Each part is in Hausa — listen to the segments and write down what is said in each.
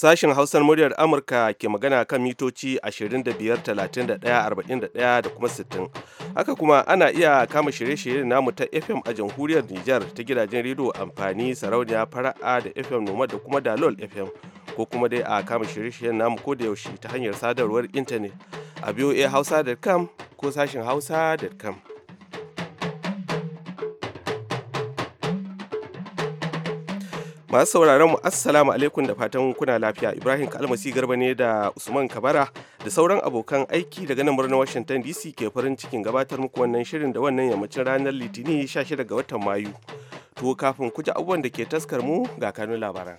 Sashen Hausar muryar Amurka ke magana kan mitoci 25, da kuma 60. Haka kuma ana iya kama shirye-shiryen namu ta FM a jamhuriyar Nijar ta gidajen rediyo amfani sarauniya fara'a da FM Noma da kuma Dalol FM ko kuma dai a kama shirye-shiryen namu ko da yaushe ta hanyar sadarwar intanet a hausa.com ko sashen hausa.com. masu sauraron mu assalamu alaikum da fatan kuna lafiya ibrahim kalmasi garba ne da usman kabara da sauran abokan aiki daga nan birnin washington dc ke farin cikin gabatar muku wannan shirin da wannan yammacin ranar litinin 16 ga watan mayu to kafin ku ji abubuwan da ke taskar mu ga kanun labaran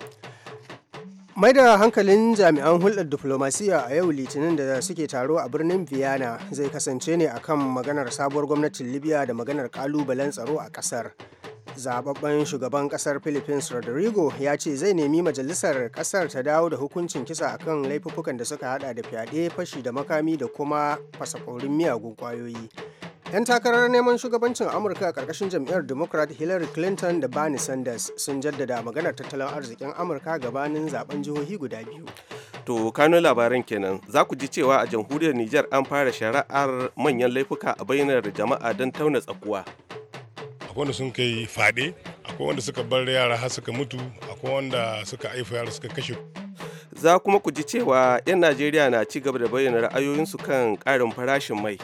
mai da hankalin jami'an hulɗar diflomasiyya a yau litinin da suke taro a birnin vienna zai kasance ne akan maganar sabuwar gwamnatin libya da maganar kalubalen tsaro a ƙasar zababben shugaban kasar philippines rodrigo ya ce zai nemi majalisar kasar ta dawo da hukuncin kisa akan laifukan da suka hada da fyaɗe fashi da makami da kuma fasaforin miyagun kwayoyi 'yan takarar neman shugabancin amurka a ƙarƙashin jam'iyyar democrat hillary clinton da bernie sanders sun jaddada maganar tattalin arzikin amurka gabanin zaben jihohi guda biyu to kano labaran kenan za ku ji cewa a jamhuriyar niger an fara shari'ar manyan laifuka a bainar jama'a don tauna tsakuwa akwai wanda sun kai fade akwai wanda suka bar yara har suka mutu akwai wanda suka aifa yara suka kashe za kuma ku ji cewa 'yan najeriya na ci gaba da bayyana ra'ayoyinsu kan karin farashin mai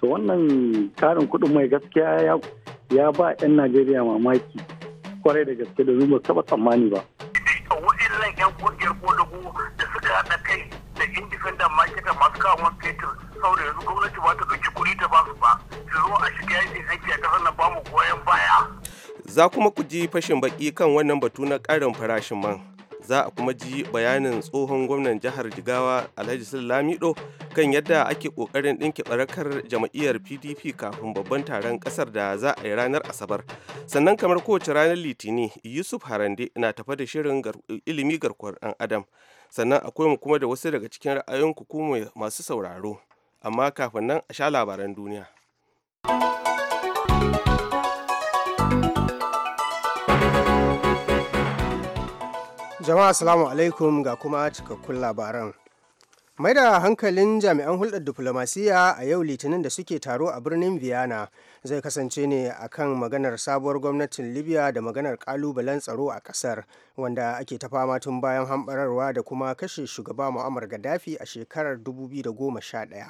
to wannan karin kuɗin mai gaskiya ya ba 'yan najeriya mamaki kwarai da gaske da ba taba tsammani ba za kuma ku ji fashin baki kan wannan batu na ƙarin farashin man za a kuma ji bayanin tsohon gwamnan jihar jigawa alhaji lamido kan yadda ake ƙoƙarin ɗinke barakar jam'iyyar pdp kafin babban taron ƙasar da za a yi ranar asabar sannan kamar kowace ranar litini yusuf harande na tafa da shirin ilimi garkuwar ɗan adam sannan akwai mu kuma da wasu daga cikin ra'ayoyin ku masu sauraro amma kafin nan a sha labaran duniya. jama'a salamu alaikum ga kuma cikakkun labaran mai da hankalin jami'an hulɗar diflomasiyya a yau litinin da suke taro a birnin vienna zai kasance ne a kan maganar sabuwar gwamnatin libya da maganar kalubalen tsaro a ƙasar wanda ake ta fama tun bayan hambararwa da kuma kashe shugaba mu'ammar gaddafi a shekarar 2011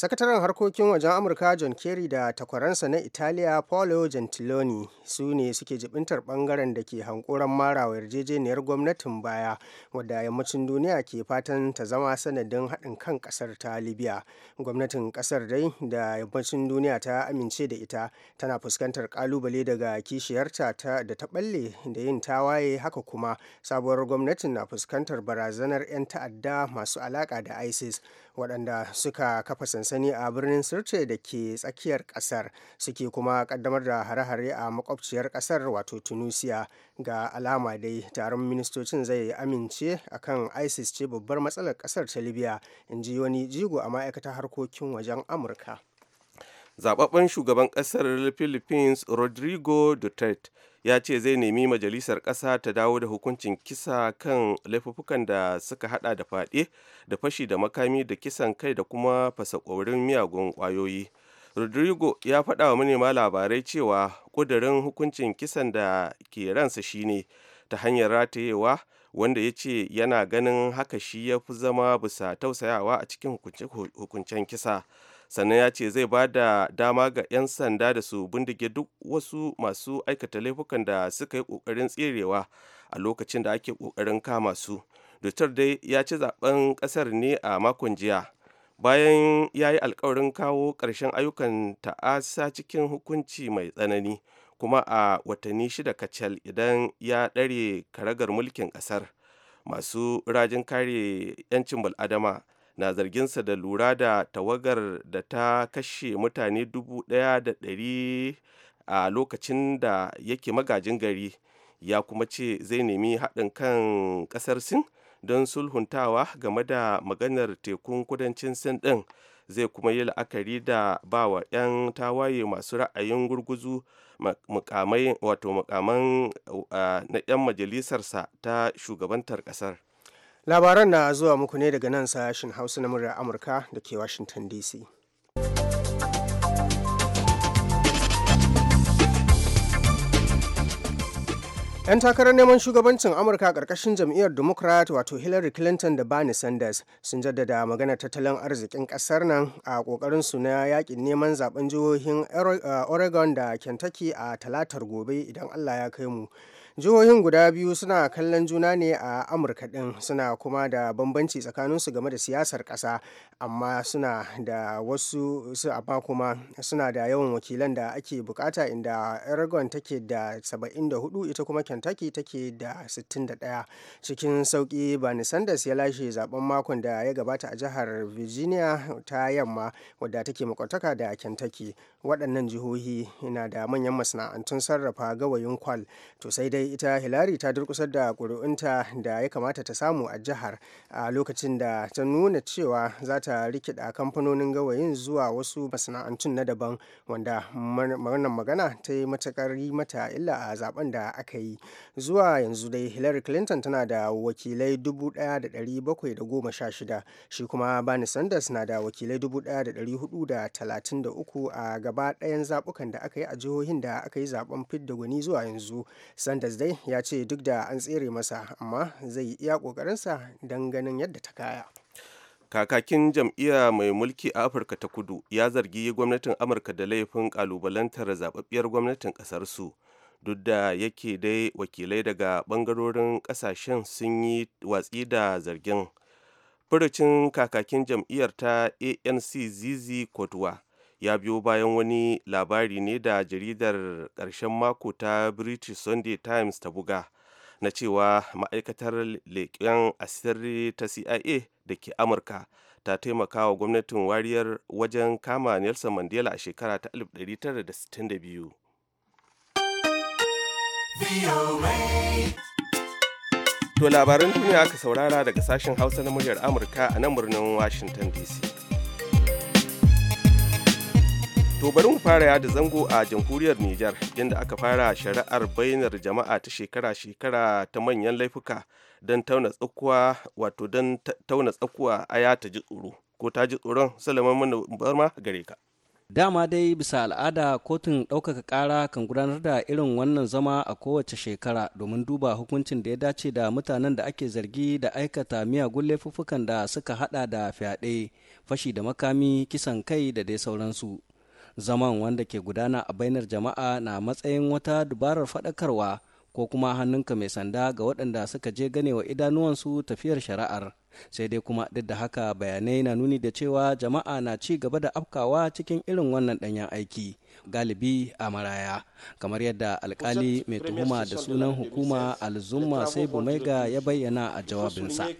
sakataren harkokin wajen amurka john kerry da takwaransa na italiya paolo gentiloni su ne suke jibintar bangaren da ke hankoran marawa yarjejeniyar gwamnatin baya wadda yammacin duniya ke fatan ta zama sanadin haɗin kan ƙasar ta libya gwamnatin ƙasar dai da yammacin duniya ta amince da ita tana fuskantar ƙalubale daga kishiyarta da ta ɓalle da yin tawaye haka kuma sabuwar gwamnatin na fuskantar barazanar 'yan ta'adda masu alaƙa da isis waɗanda suka kafa sansani a birnin sirte da ke tsakiyar kasar suke kuma kaddamar da hare-hare a makwabciyar kasar wato tunisia ga alama dai taron ministocin zai amince akan isis ce babbar matsalar kasar ta libya in ji wani jigo a ma'aikatar harkokin wajen amurka zababben shugaban kasar philippines rodrigo duterte ya ce zai nemi majalisar ƙasa ta dawo da hukuncin kisa kan laifuffukan da suka hada da faɗe da fashi da makami da kisan kai da kuma fasa ƙorin miyagun ƙwayoyi rodrigo ya faɗa wa manema labarai cewa ƙudurin hukuncin kisan da ke ransa shine ta hanyar ratayewa wanda ya ce yana ganin haka shi ya fi zama bisa tausayawa a cikin hukuncen kisa sannan ya ce zai ba da dama ga 'yan sanda da su bindige duk wasu masu aikata laifukan da suka yi kokarin tserewa a lokacin da ake kokarin kama su dutar dai ya ci zaben kasar ne a makon jiya bayan ya yi alkawarin kawo ƙarshen ayyukan ta'asa cikin hukunci mai tsanani kuma a watanni shida kacal idan ya ɗare karagar mulkin ƙasar masu rajin kare 'yancin bal'adama na zarginsa da lura da tawagar da ta kashe mutane dubu ɗaya da ɗari a lokacin da yake magajin gari ya kuma ce zai nemi haɗin kan ƙasar sin don sulhuntawa game da maganar tekun kudancin sin ɗin zai kuma yi la'akari da bawa 'yan tawaye masu ra'ayin gurguzu wato mukaman na 'yan majalisarsa ta shugabantar ƙasar labaran na zuwa muku ne daga nan sashen hausa na murar amurka da ke washington dc yan takarar neman shugabancin amurka karkashin jam'iyyar democrat wato hillary clinton da bernie sanders sun jaddada magana tattalin arzikin kasar nan a kokarin su na yakin neman zaben jihohin uh, oregon da kentucky a talatar gobe idan allah ya kai mu jihohin guda biyu suna kallon juna ne a amurka din suna kuma da bambanci tsakaninsu game da siyasar kasa amma suna da wasu su amma kuma suna da yawan wakilan da ake bukata inda aragon take da 74 ita kuma kentucky take da 61 cikin sauki bani sanders ya lashe zaben makon da ya gabata a jihar virginia ta yamma wadda take makwataka da kentucky waɗannan jihohi na da manyan masana'antun sarrafa gawayin kwal to sai dai ita hilari ta durkusar da ƙuri'unta da ya kamata ta samu a jihar a lokacin da ta nuna cewa za ta rikida kamfanonin gawayin zuwa wasu masana'antun na daban wanda wannan magana ta yi matakar yi mata illa a zaben da aka yi zuwa yanzu dai hilari clinton tana da wakilai 1,716 shi kuma bani sanders na da wakilai 1,433 a gaba ɗayan zaɓukan da aka yi a jihohin da aka yi zaben fidda gwani zuwa yanzu sanders Alvarez dai ya ce duk da an tsere masa amma zai yi iya ƙoƙarinsa don ganin yadda ta kaya. Kakakin jam'iyya mai mulki a Afirka ta kudu ya zargi gwamnatin Amurka da laifin ƙalubalantar zababbiyar gwamnatin ƙasarsu. Duk da yake dai wakilai daga ɓangarorin ƙasashen sun yi watsi da zargin. Furucin kakakin jam'iyyar ta ANC Zizi Kotuwa ya biyo bayan wani labari ne da jaridar ƙarshen mako ta british sunday times ta buga na cewa ma'aikatar leƙen asiri ta cia da ke amurka ta taimaka wa gwamnatin wariyar wajen kama nelson mandela a shekara ta 1962 To labaran duniya aka saurara daga sashen Hausa na muryar Amurka a nan birnin Washington DC. To bari mu fara yada zango a jamhuriyar Nijar inda aka fara shari'ar bainar jama'a ta shekara-shekara ta manyan laifuka don tauna tsakuwa wato don tauna tsakuwa aya ta ji tsoro ko ta ji tsoron salaman Mana Barma gare ka. Dama dai bisa al'ada kotun ɗaukaka ƙara kan gudanar da irin wannan zama a kowace shekara domin duba hukuncin da ya dace da mutanen da ake zargi da aikata miyagun laifuffukan da suka hada da fyaɗe, fashi da makami, kisan kai da dai sauransu. zaman wanda ke gudana a bainar jama'a na matsayin wata dubarar faɗakarwa ko kuma hannunka mai sanda ga waɗanda suka je ganewa idanuwansu tafiyar shari'ar sai dai kuma duk da haka bayanai na nuni da cewa jama'a na ci gaba da afkawa cikin irin wannan ɗanyen aiki galibi a maraya kamar yadda alkali mai tuhuma da sunan hukuma alzumma sai bumaiga ya bayyana a jawabinsa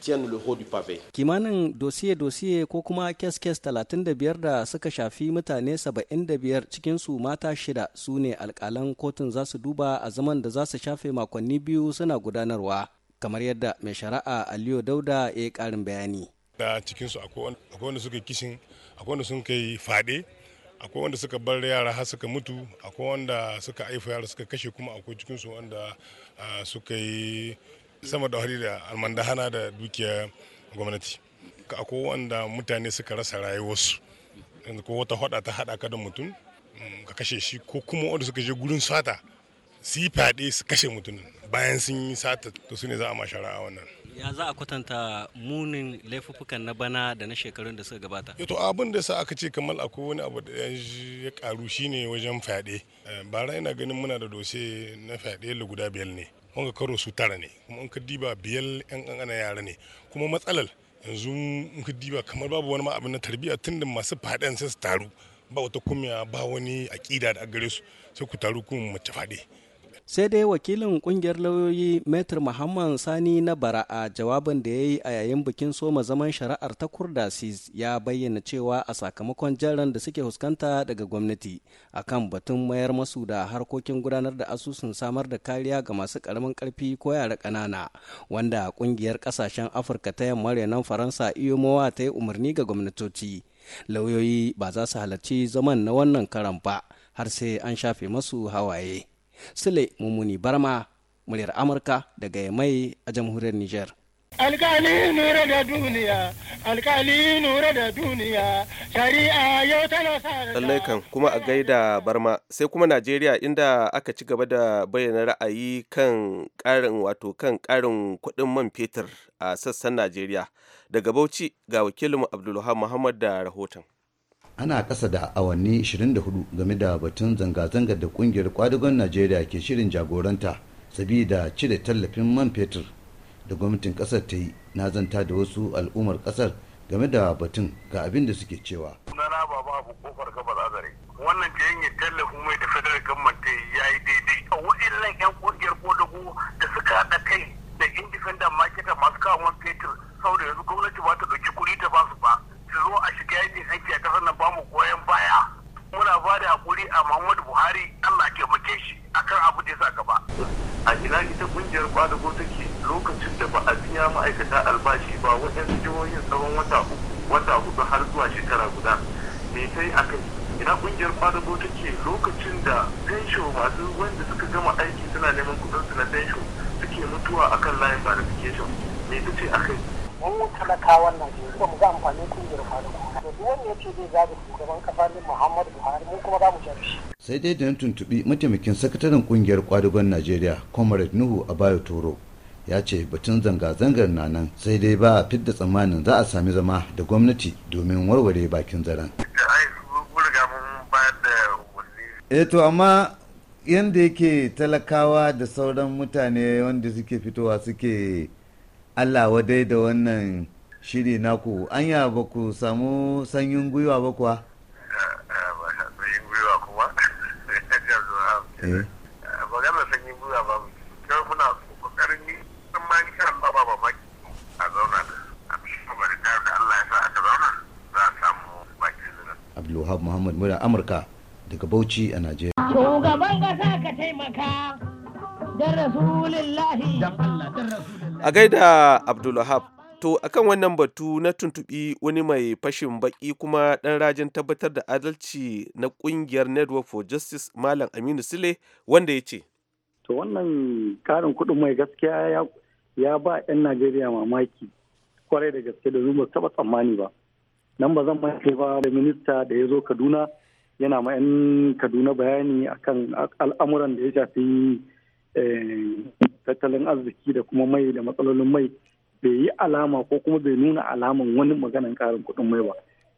tiennent le haut du pavé. Kimanin dosiye-dosiye ko kuma kes-kes 35 da suka shafi mutane 75 cikin su mata shida su ne alkalan kotun za su duba a zaman da za su shafe makonni biyu suna gudanarwa. Kamar yadda mai shari'a Aliyu Dauda ya yi ƙarin bayani. Da cikin su akwai wanda suka kishin, akwai wanda sun kai fade, akwai wanda suka bar yara har suka mutu akwai wanda suka aifa yara suka kashe kuma akwai cikin su wanda ah, suka yi sama da hari da almandahana da dukiya gwamnati a wanda mutane suka rasa rayuwarsu yanzu ko wata hada ta hada ka da mutum mm, ka kashe shi ko kuma wanda suka je gurin sata su yi fyaɗe su kashe mutumin bayan sun yi sata to su ne za a ma shara'a wannan ya za a kwatanta munin laifukan na bana da na shekarun da suka gabata eh to abin da sa aka ce kamar akwai wani abu da ya karu shine wajen fyaɗe eh, bara ina ganin muna da dose na fyaɗe guda biyar ne wanga karo su tara ne kuma in ka diba biyar yan ƙanƙana yara ne kuma matsalar yanzu in ka diba kamar babu wani ma abin na tarbiyya tunda masu faɗin sai su taru ba wata kumiya ba wani aƙida da gare su sai ku taru kuma mace faɗe sai dai wakilin kungiyar lauyoyi metr muhammad sani na bara'a jawabin da ya yi a yayin bikin soma zaman shari'ar ta kurdasis ya bayyana cewa a sakamakon jaran da suke huskanta daga gwamnati a kan batun mayar masu da harkokin gudanar da asusun samar da kariya ga masu karamin karfi ko yara ƙanana wanda kungiyar kasashen afirka ta yamma renon faransa iyomowa ta yi umarni ga gwamnatoci lauyoyi ba za su halarci zaman na wannan karan ba har sai an shafe masu hawaye Sule Mumuni Barma, muryar Amurka daga Yamai a jamhuriyar Nijar. alkali nura da duniya alkali nura da duniya shari'a yau tana da kuma a gaida barma sai kuma najeriya inda aka ci gaba da bayyana ra'ayi kan karin wato kan karin kudin man fetur a sassan najeriya daga bauchi ga wakilinmu abdulluhan muhammad da rahoton ana ƙasa da awanni 24 game da batun zanga-zangar da ƙungiyar kwadugon najeriya ke shirin jagoranta sabida cire tallafin man fetur da gwamnatin ƙasar ta yi na zanta da wasu al'ummar ƙasar game da batun ga abin da suke cewa. na baba babu kofar gabas azare. Wannan da ya tallafi mai da federal government ya yi daidai. A wa'in yan ƙungiyar kodago da suka haɗa kai da independent marketer masu kawo fetur saboda yanzu gwamnati ba ta ɗauki zo a shiga yakin aiki a kasar nan bamu goyon baya muna ba da hakuri a Muhammadu Buhari Allah ke muke shi akan abu da ya sa gaba a ina ita kungiyar kwadago take lokacin da ba a biya ma'aikata albashi ba waɗansu jihohin tsawon wata uku wata hudu har zuwa shekara guda me ta yi kai, ina kungiyar kwadago take lokacin da fensho masu wanda suka gama aiki suna neman kudin su na fensho suke mutuwa akan layin verification me ta ce kai. mu talakawan Najeriya ba mu ga kun kungiyar kwadago da duk wanda ya ce zai zaɓi shugaban kasa ne Muhammadu Buhari mu kuma za mu jari shi. Sai dai da tuntuɓi mataimakin sakataren ƙungiyar kwadagon Najeriya Comrade Nuhu Abayo Toro ya ce batun zanga-zangar na nan sai dai ba a fidda tsammanin za a sami zama da gwamnati domin warware bakin zaren. Eh to amma yadda yake talakawa da sauran mutane wanda suke fitowa suke Allah wadai da wannan shiri naku anya ba ku samu sanyin gwiwa ba kuwa? Ba eh. sanyin gwiwa kuma ba gana sanyin gwiwa ba kyau kuna kokarin yi sun ma ni kan ba ba maki a zauna a bishin bari da Allah ya sa aka zauna za a samu baki zira. Abdulwahab Muhammad Mura Amurka daga Bauchi a Najeriya. Shugaban kasa ka taimaka. Dan Rasulillahi. Dan Allah, dan A gaida Abdulwahab, to akan wannan batu na tuntubi wani mai fashin baki kuma ɗan rajin tabbatar da adalci na ƙungiyar Network for Justice Malam Aminu Sule wanda ya ce. To wannan karin kuɗin mai gaskiya ya ba 'yan Najeriya mamaki kwarai da gaske da ba taba tsammani ba. Nan ba zan mace ba da minista da ya zo Kaduna yana ma 'yan Kaduna bayani akan al'amuran da ya shafi Eh, tattalin arziki da kuma mai da matsalolin mai bai yi alama ko kuma bai nuna alaman wani maganan karin kuɗin mai ba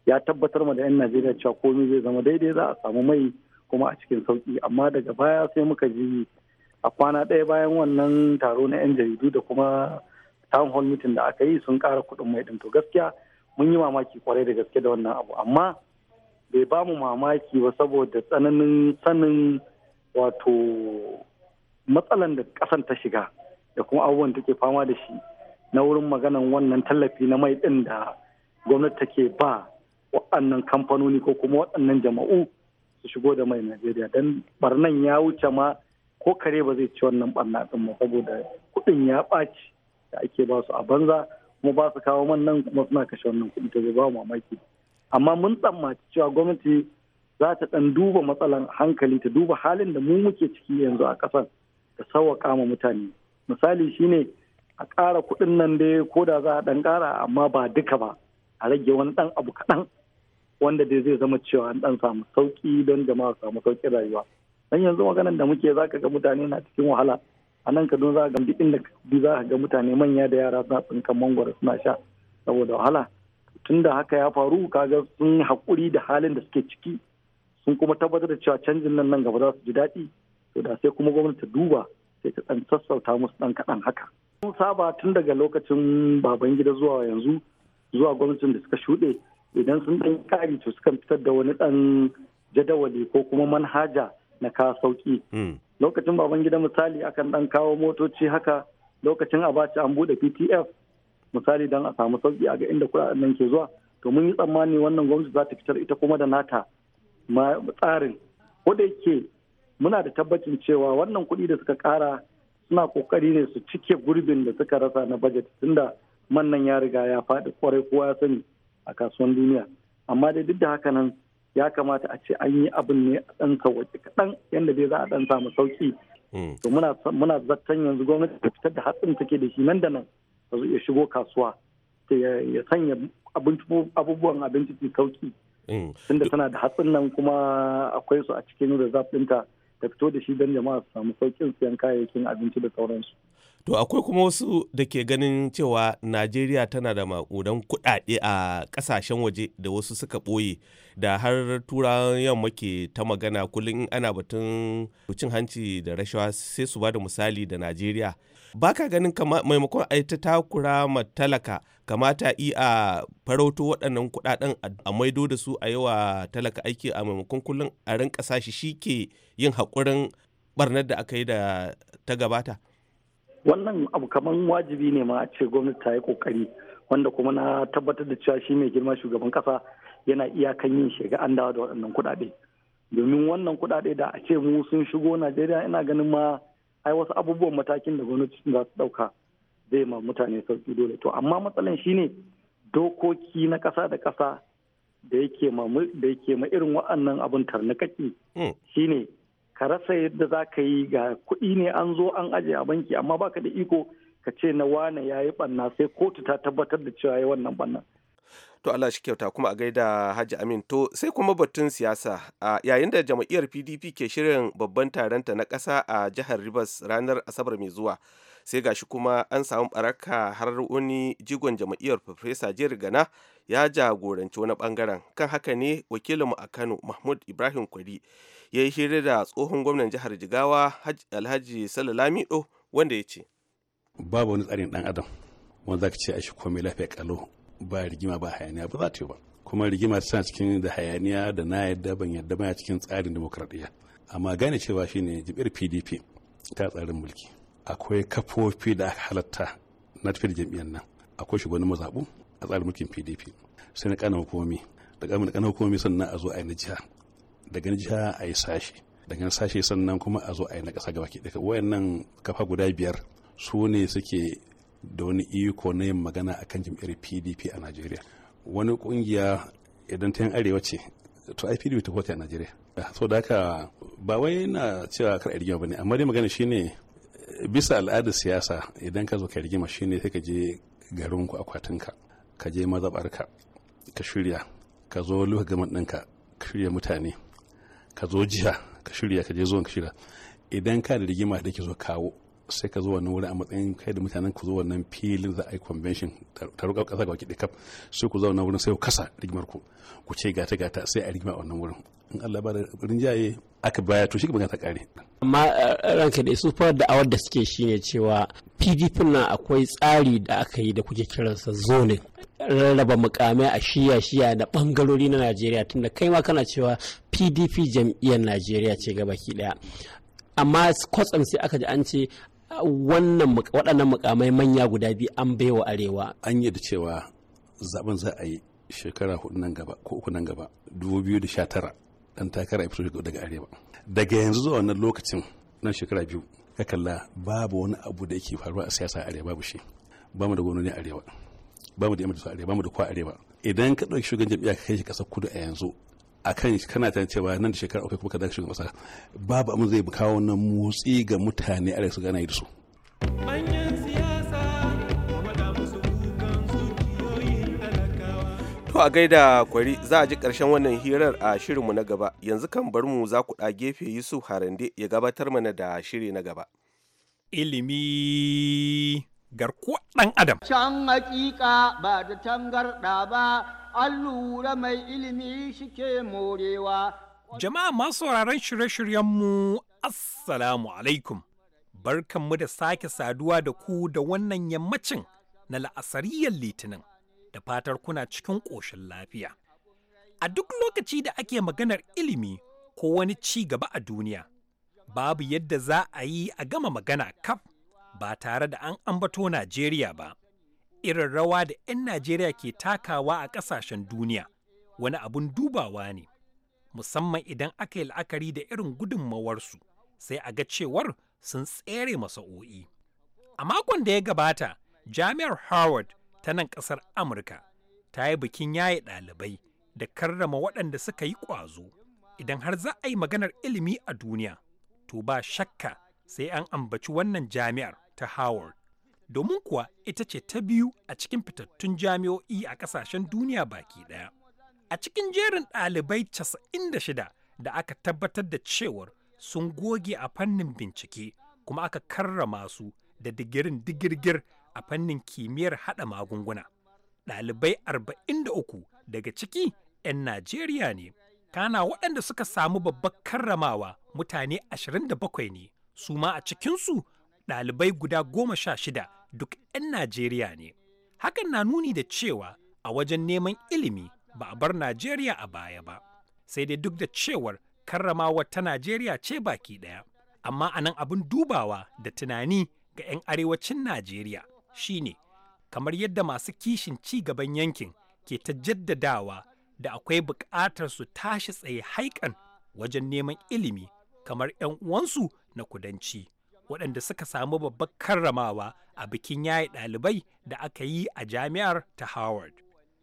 ya tabbatar ma da 'yan najeriya cewa komai zai zama daidai za a samu mai kuma a cikin sauki amma daga baya sai muka ji a kwana ɗaya bayan wannan taro na 'yan jaridu da kuma town hall meeting da aka yi sun kara kuɗin mai ɗin to gaskiya mun yi mamaki kwarai da gaske da wannan abu amma bai ba mu mamaki ba saboda tsananin sanin wato matsalan da kasan ta shiga da kuma abubuwan da ke fama da shi na wurin maganan wannan tallafi na mai ɗin da gwamnati take ba waɗannan kamfanoni ko kuma waɗannan jama'u su shigo da mai Najeriya don barnan ya wuce ma ko kare ba zai ci wannan barna ɗin ma saboda kuɗin ya ɓaci da ake ba su a banza kuma ba su kawo man nan kuma suna kashe wannan kuɗi ta zai ba mamaki amma mun tsammaci cewa gwamnati za ta ɗan duba matsalan hankali ta duba halin da mu muke ciki yanzu a ƙasar da sauwaƙa ma mutane misali shine a ƙara kuɗin nan dai ko da za a ɗan ƙara amma ba duka ba a rage wani ɗan abu kaɗan wanda dai zai zama cewa an ɗan samu sauƙi don jama'a samu sauƙin rayuwa dan yanzu maganan da muke za ka ga mutane na cikin wahala a nan ka za ga inda bi za ka ga mutane manya da yara suna tsinkan mangwaro suna sha saboda wahala tun da haka ya faru ga sun haƙuri da halin da suke ciki sun kuma tabbatar da cewa canjin nan nan gaba za su ji daɗi to da sai kuma gwamnati ta duba sai ta dan sassauta musu dan kaɗan haka. Mun saba tun daga lokacin baban gida zuwa yanzu zuwa gwamnatin da suka shuɗe idan sun ɗan kari to sukan fitar da wani ɗan jadawali ko kuma manhaja na kawo sauki hmm. Lokacin baban gida misali akan ɗan kawo motoci haka lokacin a abaci an buɗe PTF misali don a samu sauki a ga inda kuɗaɗen nan ke zuwa to mun yi tsammani wannan gwamnati za ta fitar ita kuma da nata tsarin. Ko da yake muna da tabbacin cewa wannan kuɗi da suka kara suna kokari ne su cike gurbin da suka rasa na bajet tunda mannan ya riga ya faɗi kwarai kowa ya sani a kasuwan duniya amma dai duk da haka nan ya kamata a ce an yi abin ne a ɗan kawace kaɗan yadda dai za a ɗan samu sauki. Hmm. to muna zaton yanzu gwamnati ta fitar da hatsin take da shi nan da nan ta zo ya shigo kasuwa ya sanya abubuwan abinci sauƙi hmm. tunda tana da hatsin nan kuma akwai su a cikin rizaf ɗinta. da fito da shi don jama'a su samu sauƙin siyan kayayyakin abinci da sauransu. To akwai kuma wasu da ke ganin cewa Najeriya tana da maƙudan kuɗaɗe a ƙasashen waje da wasu suka ɓoye da har turawan yamma ke ta magana kullum ana batun cin hanci da rashawa sai su ba da misali da Najeriya. ba ka ganin maimakon a ta takura ma talaka kamata i a farauto waɗannan kuɗaɗen a maido da su a yi wa talaka aiki a maimakon kullum a rinka sashi shi ke yin haƙurin barnar da aka yi da ta gabata wannan abu kamar wajibi ne ma a ce gwamnati ta yi kokari wanda kuma na tabbatar da cewa shi mai girma shugaban kasa yana iyakan yin shiga an dawo da waɗannan kuɗaɗe domin wannan kuɗaɗe da a ce mu sun shigo najeriya ina ganin ma ai wasu abubuwan matakin da gwamnati za su ɗauka zai ma mutane sauki dole to amma matsalan shine dokoki na ƙasa da kasa da yake ma da yake ma irin wa'annan abun tarnakaki hmm. shine ka rasa yadda za ka yi ga kuɗi ne an zo an ajiye a banki amma baka da iko ka ce na wane ya yi ɓanna sai kotu ta tabbatar da cewa ya wannan ɓannan to Allah shi kyauta kuma a gaida Hajji Amin to sai kuma batun siyasa a yayin da jam'iyyar PDP ke shirin babban taronta na ƙasa a jihar Rivers ranar Asabar mai zuwa sai gashi kuma an samu baraka har wani jigon jam'iyyar Farfesa Jerry Gana ya jagoranci wani bangaren kan haka ne wakilinmu a Kano Mahmud Ibrahim Kwari ya yi hira da tsohon gwamnan jihar Jigawa Alhaji Do wanda ya ce babu wani tsarin dan adam wanda zaka ce a shi komai lafiya kalo. ba rigima ba hayaniya ba za ta yi ba kuma rigima tana cikin da hayaniya da na yadda ban yadda ba cikin tsarin demokradiyya amma gane cewa shine jibir pdp ta tsarin mulki akwai kafofi da aka halatta na tafiyar jam'iyyar nan akwai shugabannin mazaɓu a tsarin mulkin pdp sai na kana hukumomi da da kana hukumomi sannan a zo a yi na jiha daga na jiha a yi sashi daga na sashi sannan kuma a zo a yi na ƙasa gaba ke daga wayannan kafa guda biyar su ne suke da wani iko na yin magana akan jam'iyyar pdp a najeriya wani kungiya idan ta yin arewa ce to ai pdp ta kotu a najeriya so da haka ba wai na cewa kar a rigima ba ne amma dai magana shine bisa al'adar siyasa idan ka zo ka rigima shine sai ka je ku akwatinka ka je mazabarka ka shirya ka zo luka gaman ɗinka ka shirya mutane ka zo jiha ka shirya ka je zuwan ka shirya idan ka da rigima da ke zo kawo sai ka zo wannan wuri a matsayin kai da mutanen ku zo wannan filin za a yi convention ta rukar ƙasa ga kiɗe kaf sai ku zo wannan wurin sai ku kasa rigimar ku ku ce gata gata sai a rigima a wannan wurin in Allah ba da rinjaye aka baya to shi ka ta kare amma eh, ranka da su fara da awar da suke shine cewa PDP na akwai tsari da aka yi da kuke kiransa zoning rarraba mukamai a shiya-shiya da bangarori na najeriya tunda kai ma kana cewa pdp jam'iyyar najeriya ce gabaki daya amma kwatsam sai aka ji an ce wannan waɗannan mukamai manya guda biyu an baiwa arewa an yi da cewa zaben za a yi shekara hudu nan gaba ko uku nan gaba 2019 dan takara ya daga arewa daga yanzu zuwa wannan lokacin nan shekara biyu ka kalla babu wani abu da yake faruwa a siyasa arewa babu shi ba mu da gwamnoni arewa ba mu da yamma da arewa ba mu da kwa arewa idan ka ɗauki shugaban jam'iyya ka kai shi kasar kudu a yanzu a kan kana ta cewa nan da shekara uku kuma ka zaka shugaban kasa babu amma zai kawo wannan motsi ga mutane a su gana da su. To a gaida kwari za a ji ƙarshen wannan hirar a shirinmu na gaba yanzu kan bar mu za ku ɗa gefe Yusuf Harande ya gabatar mana da shiri na gaba. Ilimi garkuwa ɗan Adam. Can hakika ba da tangarɗa ba an lura mai ilimi shike morewa. Jama'a masu sauraron shirye-shiryenmu, Assalamu alaikum. Barkanmu da sake saduwa da ku da wannan yammacin na la'asariyar litinin da fatar kuna cikin ƙoshin lafiya. A duk lokaci da ake maganar ilimi ko wani ci gaba a duniya, babu yadda za a yi a gama magana kaf ba tare da an ambato Najeriya ba. irin rawa da 'yan Najeriya ke takawa a ƙasashen duniya wani abun dubawa ne, musamman idan aka yi la'akari da irin gudunmawarsu sai a ga cewar sun tsere masa'o'i. A makon da ya gabata, Jami'ar Howard ta nan ƙasar Amurka ta yi bikin yaye ɗalibai da karrama waɗanda suka yi ƙwazo. Idan har za a yi maganar ilimi a duniya, to ba shakka sai an ambaci wannan jami'ar ta Howard. domin kuwa ita ce ta biyu a cikin fitattun jami'o'i a kasashen duniya baki ɗaya. A cikin jerin ɗalibai 96 da aka tabbatar da cewar sun goge a fannin bincike kuma aka karrama su da digirin digirgir a fannin kimiyyar haɗa magunguna. Ɗalibai 43 daga ciki 'yan Najeriya ne, kana waɗanda suka samu babbar karramawa mutane 27 ne, su ma a cikinsu ɗalibai guda goma sha shida duk 'yan Najeriya ne. Hakan na nuni da cewa a wajen neman ilimi ba a bar Najeriya a baya ba. Sai dai duk da cewar karramawar ta Najeriya ce baki ɗaya. Amma a nan abin dubawa da tunani ga 'yan arewacin Najeriya shi ne, kamar yadda masu kishin ci gaban yankin ke ta jaddadawa da akwai buƙatar su tashi tsaye haikan wajen neman ilimi kamar 'yan uwansu na kudanci waɗanda suka samu babbar karramawa a bikin yaye ɗalibai da aka yi a jami'ar ta Howard.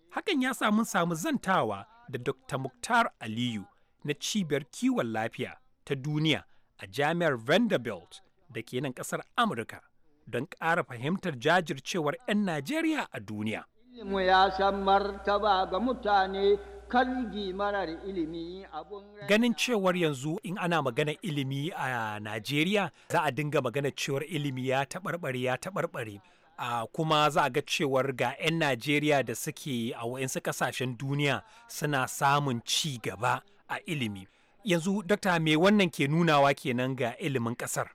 Hakan ya sa mun samu zantawa da Dr. Muktar Aliyu na cibiyar kiwon lafiya ta duniya a jami'ar Vanderbilt da ke nan ƙasar Amurka don ƙara fahimtar jajircewar 'yan Najeriya a duniya. Ilimu ya san martaba ga mutane ganin cewar yanzu in ana magana ilimi a Najeriya za a dinga magana cewar ilimi ya taɓarɓare ya taɓarɓare Uh, kuma za a ga cewar ga 'yan Najeriya da suke a wa'insu ƙasashen duniya suna samun ci gaba a ilimi. Yanzu, Dokta, me wannan ke nunawa kenan ga ilimin ƙasar?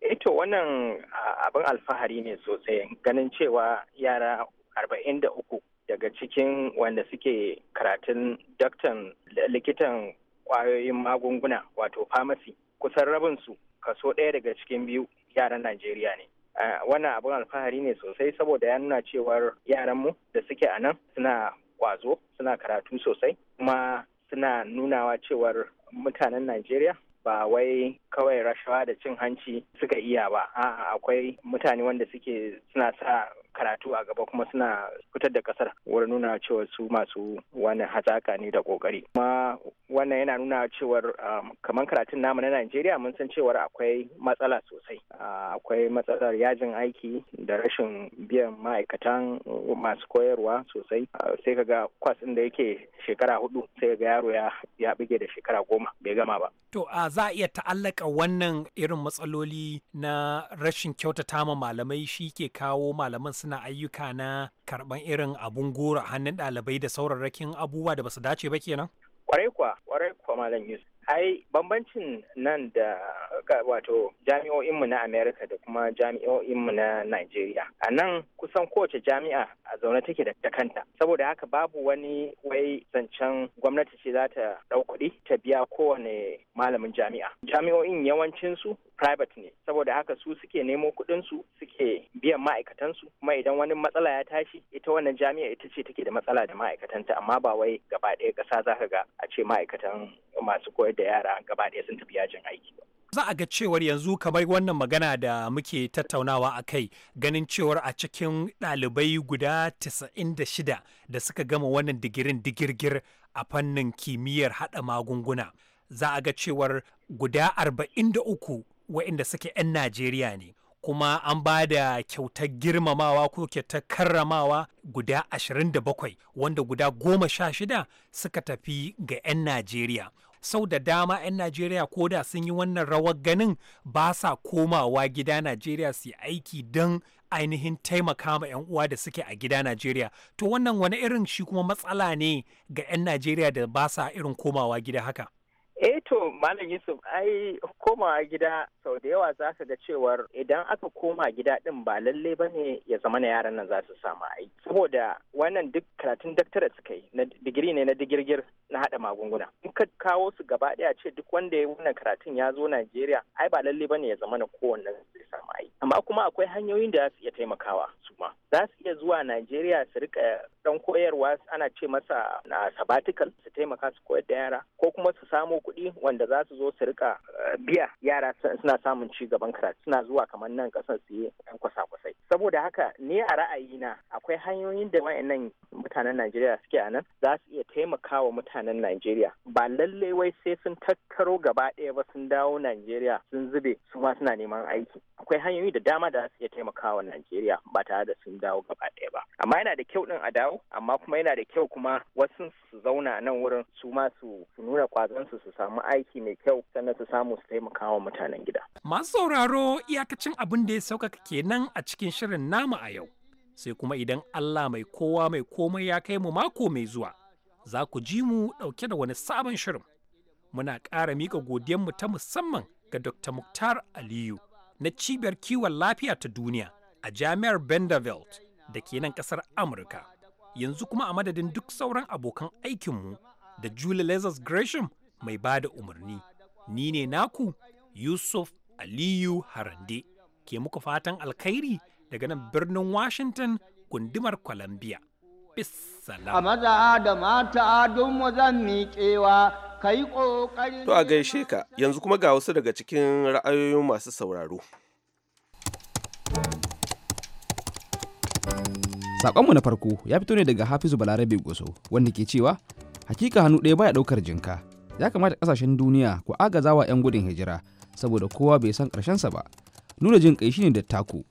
Eto eh wannan abin alfahari ne sosai ganin cewa yara 43 daga cikin wanda suke karatun daktan likitan kwayoyin magunguna wato famasi kusan rabin su kaso ɗaya daga cikin biyu yaran najeriya ne wannan abin alfahari ne sosai saboda ya nuna cewar yaran mu da suke a nan suna kwazo suna karatu sosai kuma suna nunawa cewar mutanen najeriya ba wai kawai rashawa da cin hanci suka iya ba a'a akwai mutane wanda suke suna sa karatu a gaba kuma suna fitar da kasar wurin nuna cewa su masu wani hatsaka ne da kokari kuma wannan yana nuna cewar um, kamar karatun namu na Najeriya mun san cewar akwai matsala sosai ah, akwai matsalar yajin aiki da rashin biyan ma'aikatan masu koyarwa sosai ah, sai kaga kwas ɗin da yake shekara hudu sai ga yaro ya ya bige da shekara goma bai gama ba to a za a iya ta'allaka wannan irin matsaloli na rashin kyautata ma malamai shi ke kawo malaman suna ayyuka na karban irin abun goro hannun ɗalibai da saurarrakin abubuwa da basu dace ba kenan? Kwarai kwa, kwarai kwa Malam Yusuf. ai bambancin nan da wato jami'o'inmu na amerika da kuma jami'o'inmu na Najeriya. a nan kusan kowace jami'a a zaune take da kanta saboda haka babu wani wai zancen gwamnati ce za ta ɗau kuɗi ta biya kowane malamin jami'a jami'o'in yawancinsu private ne saboda haka su suke nemo kuɗinsu suke biyan ma'aikatansu kuma idan wani matsala ya tashi ita wannan jami'a ita ce take da matsala da ma'aikatanta amma ba wai gaba ɗaya ƙasa za ka ga a ce ma'aikatan masu koyar da yara gaba ɗaya sun tafi yajin aiki za a ga cewar yanzu kamar wannan magana da muke tattaunawa a kai ganin cewar a cikin ɗalibai guda 96 da suka gama wannan digirin digirgir a fannin kimiyyar haɗa magunguna za a ga cewar guda 43 waɗanda suke 'yan Najeriya ne kuma an ba da kyautar girmamawa ko kyautar karramawa guda 27 wanda guda 16 suka tafi ga 'yan Najeriya sau da dama 'yan najeriya ko da sun yi wannan rawar ganin ba sa komawa gida najeriya su aiki don ainihin taimaka ma 'yan uwa da suke a gida najeriya to wannan wani irin shi kuma matsala ne ga 'yan najeriya da ba sa irin komawa gida haka Eto, eh to malam yusuf ai komawa gida sau da yawa za ka ga cewar idan aka koma gida din ba lalle ba ne ya zama na yaran nan za su samu ai. saboda wannan duk karatun daktara suka yi na digiri ne na digirgir na hada magunguna in ka kawo su gaba ɗaya ce duk wanda ya wannan karatun ya zo najeriya ai ba lalle ba ne ya zama na kowanne zai samu ai. amma kuma akwai hanyoyin da za su iya taimakawa su ma za su iya zuwa najeriya su rika ɗan koyarwa ana ce masa na sabatikal su taimaka su koyar da yara ko kuma su samu kuɗi kuɗi wanda za su zo su rika eh, biya yara suna samun ci gaban karatu suna zuwa kamar nan kasan su yi ɗan kwasa-kwasai saboda haka ne a ra'ayina akwai hanyoyin da wayannan mutanen Najeriya suke a nan za su iya taimakawa mutanen Najeriya ba lallai wai sai sun tattaro gaba ɗaya ba sun dawo Najeriya sun zube su ma suna neman aiki akwai hanyoyi da dama da za su iya taimakawa Najeriya ba tare da sun dawo gaba ɗaya ba amma yana da kyau ɗin a dawo amma kuma yana da kyau kuma wasu su zauna nan wurin su ma su nuna kwazon su su samu aiki mai kyau sannan su samu su taimaka wa mutanen gida. Masu sauraro iyakacin abin da ya sauƙaƙa kenan a cikin shirin nama a yau. Sai kuma idan Allah mai kowa mai komai ya kai mu mako mai zuwa, za ku ji mu ɗauke da wani sabon shirin. Muna ƙara mika miƙa mu ta musamman ga Dr. Muktar Aliyu na Cibiyar Kiwon Lafiya ta Duniya a Jami'ar Vanderbilt da ke nan ƙasar Amurka. Yanzu kuma a madadin duk sauran abokan aikinmu da Julie Lazarus Gresham mai ba da umarni ni ne naku yusuf aliyu harande ke muku fatan alkhairi daga nan birnin washington gundumar columbia a maza da mata don zan miƙewa kai ƙoƙari to a gaishe ka yanzu kuma ga wasu daga cikin ra'ayoyin masu sauraro Sakonmu na farko ya fito ne daga Hafizu Balarabe Goso wanda ke cewa hakika hannu ɗaya baya ɗaukar jinka ya kamata kasashen duniya ku agaza wa 'yan gudun hijira saboda kowa bai san sa ba nuna jin kai shine da taku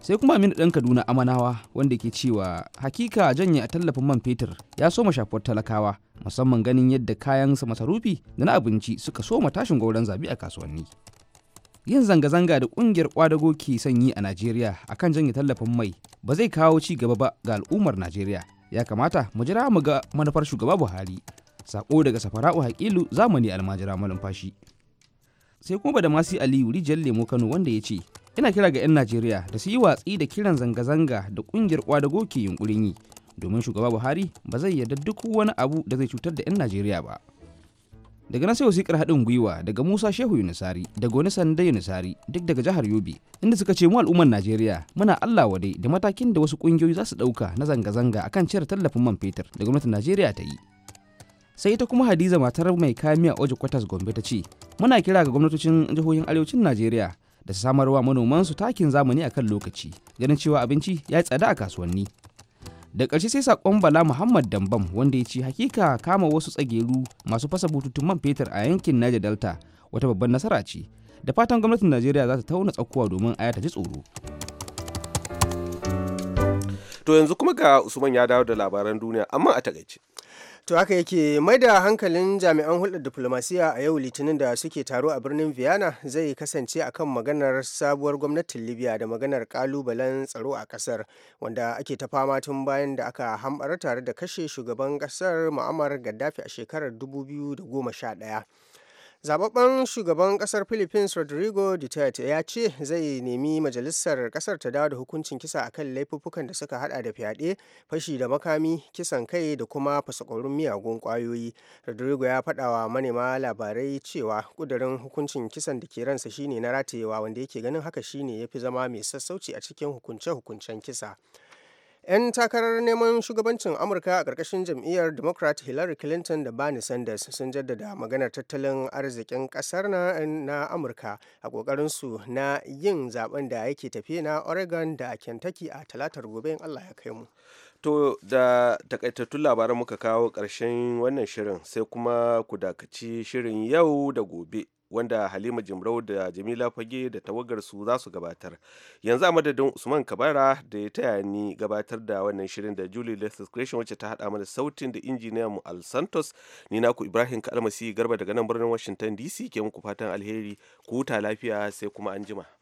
sai kuma aminu ɗan kaduna amanawa wanda ke cewa hakika janye a tallafin man fetur ya soma shafuwar talakawa musamman ganin yadda kayan masarufi da na abinci suka soma tashin gauran zabi a kasuwanni yin zanga-zanga da ƙungiyar kwadago ke sanyi a najeriya akan janye tallafin mai ba zai kawo ci gaba ba ga al'ummar najeriya ya kamata mu jira mu ga manufar shugaba buhari sako daga safara'u haƙilu zamani almajira malumfashi sai kuma da badamasi aliyu rijiyar lemo kano wanda ya ce "Ina kira ga 'yan najeriya da su yi watsi da kiran zanga-zanga da ƙungiyar kwadago ke yunkurin yi domin shugaba buhari ba zai yarda duk wani abu da zai cutar da 'yan najeriya ba daga nan sai wasikar haɗin gwiwa daga musa shehu yunusari daga wani sanda yunusari duk daga jihar yobe inda suka ce mu al'ummar najeriya muna allah wadai da matakin da wasu ƙungiyoyi za su ɗauka na zanga-zanga akan cire tallafin man fetur da gwamnatin najeriya ta yi sai ita kuma hadiza matar mai kamiya oji kwatas gombe ta ce muna kira ga gwamnatocin jihohin arewacin najeriya da su samarwa su takin zamani akan lokaci ganin cewa abinci ya tsada a kasuwanni da ƙarshe sai sakon bala muhammad dambam wanda ya ce hakika kama wasu tsageru masu fasa bututun man fetur a yankin niger delta wata babban nasara ce da fatan gwamnatin najeriya za ta tauna tsakuwa domin a ta ji tsoro to yanzu kuma ga usman ya dawo da labaran duniya amma a takaice To haka yake mai da hankalin jami'an hulɗar diplomasiya a yau litinin da suke taro a birnin Vienna zai kasance a kan maganar sabuwar gwamnatin Libya da maganar kalubalen tsaro a ƙasar wanda ake ta fama tun bayan da aka hambara tare da kashe shugaban ƙasar Muammar Gaddafi a shekarar 2011. zababben shugaban kasar philippines rodrigo duterte ya ce zai nemi majalisar kasar ta dawo da hukuncin kisa a kan laifuffukan da suka hada da fyaɗe fashi da makami kisan kai da kuma fasakorin miyagun kwayoyi rodrigo ya faɗa wa manema labarai cewa kudurin hukuncin kisan da ke ransa shine na ratayewa wanda yake ganin haka shine ya fi zama mai sassauci a cikin hukunce-hukuncen kisa 'Yan takarar neman shugabancin Amurka a ƙarƙashin jam'iyyar Democrat Hillary Clinton da Bernie Sanders sun jaddada maganar tattalin arzikin ƙasar na Amurka a ƙoƙarinsu na yin zaben da yake tafi na Oregon da Kentucky a talatar gobe in Allah ya kai mu. To da takaitattun labaran muka kawo ƙarshen wannan shirin sai kuma ku dakaci shirin yau da gobe wanda Halima Jimrau da Jamila Fage da tawagarsu za su gabatar. Yanzu a madadin Usman Kabara da ya taya ni gabatar da wannan shirin da Julie Lethal Creation wacce ta hada mana sautin da injiniya mu Al Santos ni naku Ibrahim Kalmasi Garba daga nan birnin Washington DC ke muku fatan alheri ku huta lafiya sai kuma anjima.